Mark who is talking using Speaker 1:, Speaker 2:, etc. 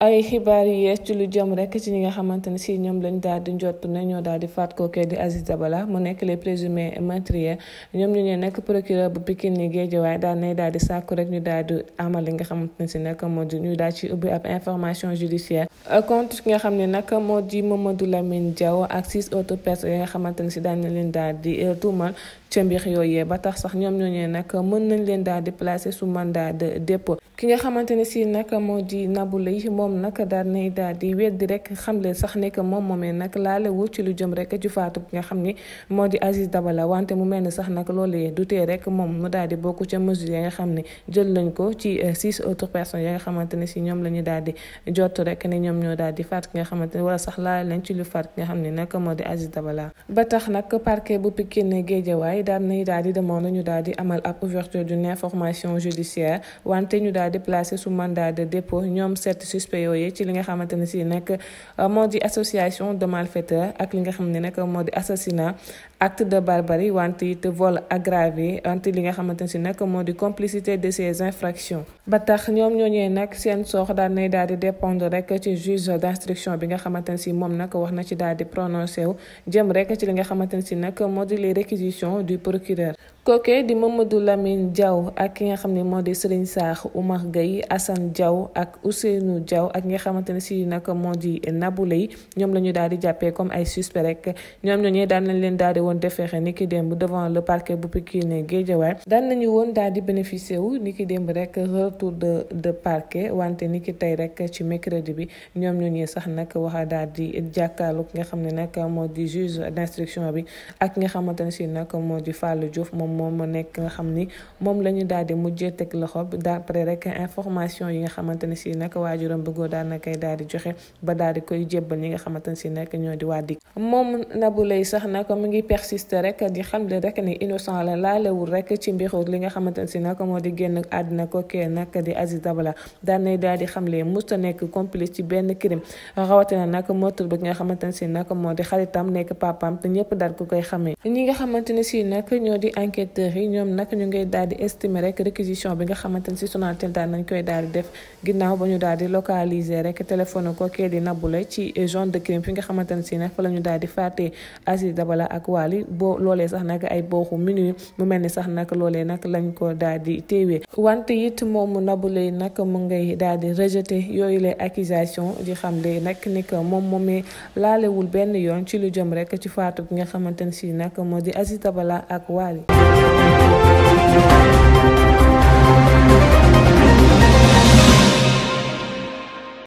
Speaker 1: ay xibaar yi yees ci lu jëm rek ci ñi nga xamante ne si ñoom lañ daal di njott ne ñoo daal di faat kookee di Aziz Dabala mu nekk les présumés meurtriers ñoom ñu ne nekk procureur bu Pikine ni Guédiawaye daal nay daal di sàkku rek ñu daal di amal li nga xamante ne si nag moo ñu daal ci ubbi ab information judiciaire contre ki nga xam ne nag moo di Mamadou Lamine Diaw ak sis autres personnes yi nga xamante ne si daan na leen daal di tuumal ca mbir yooyee ba tax sax ñoom ñooñee nag mën nañ leen daal di placer sous mandat de dépôt ki nga xamante ne si nag moo di Nabou Leye moom nag daal nay daal di weddi rek xam leen sax nekk moom moomee nag laale wu ci lu jëm rek ci faatu ki nga xam ni moo di Aziz Dabala wante mu mel ni sax nag loolee du tee rek moom mu daal di bokk ca mesure ya nga xam ne jël nañ ko ci euh, six autres personnes ya nga xamante ne si ñoom la ñu daal di jot rek ne ñoom ñoo daal di faat ki nga xamante ne wala sax laale lañ ci lu faat ki nga xam ne nag moo di Aziz Dabala ba tax nag parquet bu Pikine Guédiawaye Aïda Nay daal di demande ñu daal di amal ab ouverture d'une information judiciaire wante ñu daal di placé sous mandat de dépôt ñoom sept suspects yooyu ci li nga xamante ne si nag euh, moo di association de malfaiteurs ak li nga xam ne nag moo di assassinat acte de barbarie wante it vol aggravé wante li nga xamante ne si nag moo di complicité de ces infractions ba tax ñoom ñooñee nag seen soox daal na daal di dépendre rek ci juge d'instruction bi nga xamante ne si moom nag wax na ci daal di prononcé wu jëm rek ci li nga xamante du procureur kooke di Mamadou Lamine Diaw ak ki nga xam ne moo di Serigne Sarr Oumar Gueye Assane Diaw ak Ousseynou Diaw ak nga xamante ne si nag moo di Nabou Leye ñoom la ñu daal di jàppee comme ay suspect rek ñoom ñooñu daan nañ leen daal di woon defeexe ni ki démb devant le parquet bu Pikine Guédiawaye daan nañu woon daal di bénéficier wu ni ki démb rek retour de de parquet wante ni ki tey rek ci mercredi bi ñoom ñooñu sax nag waxa daal di jàkkaarloo ki nga xam ne nag moo di juge d'instruction bi ak nga xamante ne si nag moo di Fallou Diouf moom moom moom ma nekk nga xam ni moom la ñu di mujjee teg loxo d'après rek information yi nga xamante si nag na koy daal di joxe ba daal di koy jébbal ñi nga xamante ne si nag ñoo di waa DIC moom Nabou Leye sax nag mu ngi persister rek di xamle rek ni innocent la laalewul rek ci mbiru si nag moo di génn àddina kookee nag di Aziz Dabala daan nay daal di xamle musta nekk complice benn crime rawatina nag motul bi nga xamante ne si nag moo di xaritam nekk papam te ñëpp daal ko koy xamee si nag ñoo di enquête enquêteurs yi ñoom nag ñu ngay daal di estimer rek réquisition bi nga xamante ni si Sonatel daal nañ koy daal di def ginnaaw ba ñu daal di localiser rek téléphone ko kee di Nabou Leye ci zone de crime nga xamante ne si ne fa la ñu daal di faatee Aziz Dabala ak Wali boo loolee sax nag ay booxu minuit mu mel ni sax nag loolee nag lañ ko daal di téewee wante it moomu Nabou Leye nag mu ngay daal di rejeter yooyu les accusations di xam le nag ni moom moom moomee laalewul benn yoon ci lu jëm rek ci faatu bi nga xamante ne si nag moo di Aziz Dabala ak Wali thank you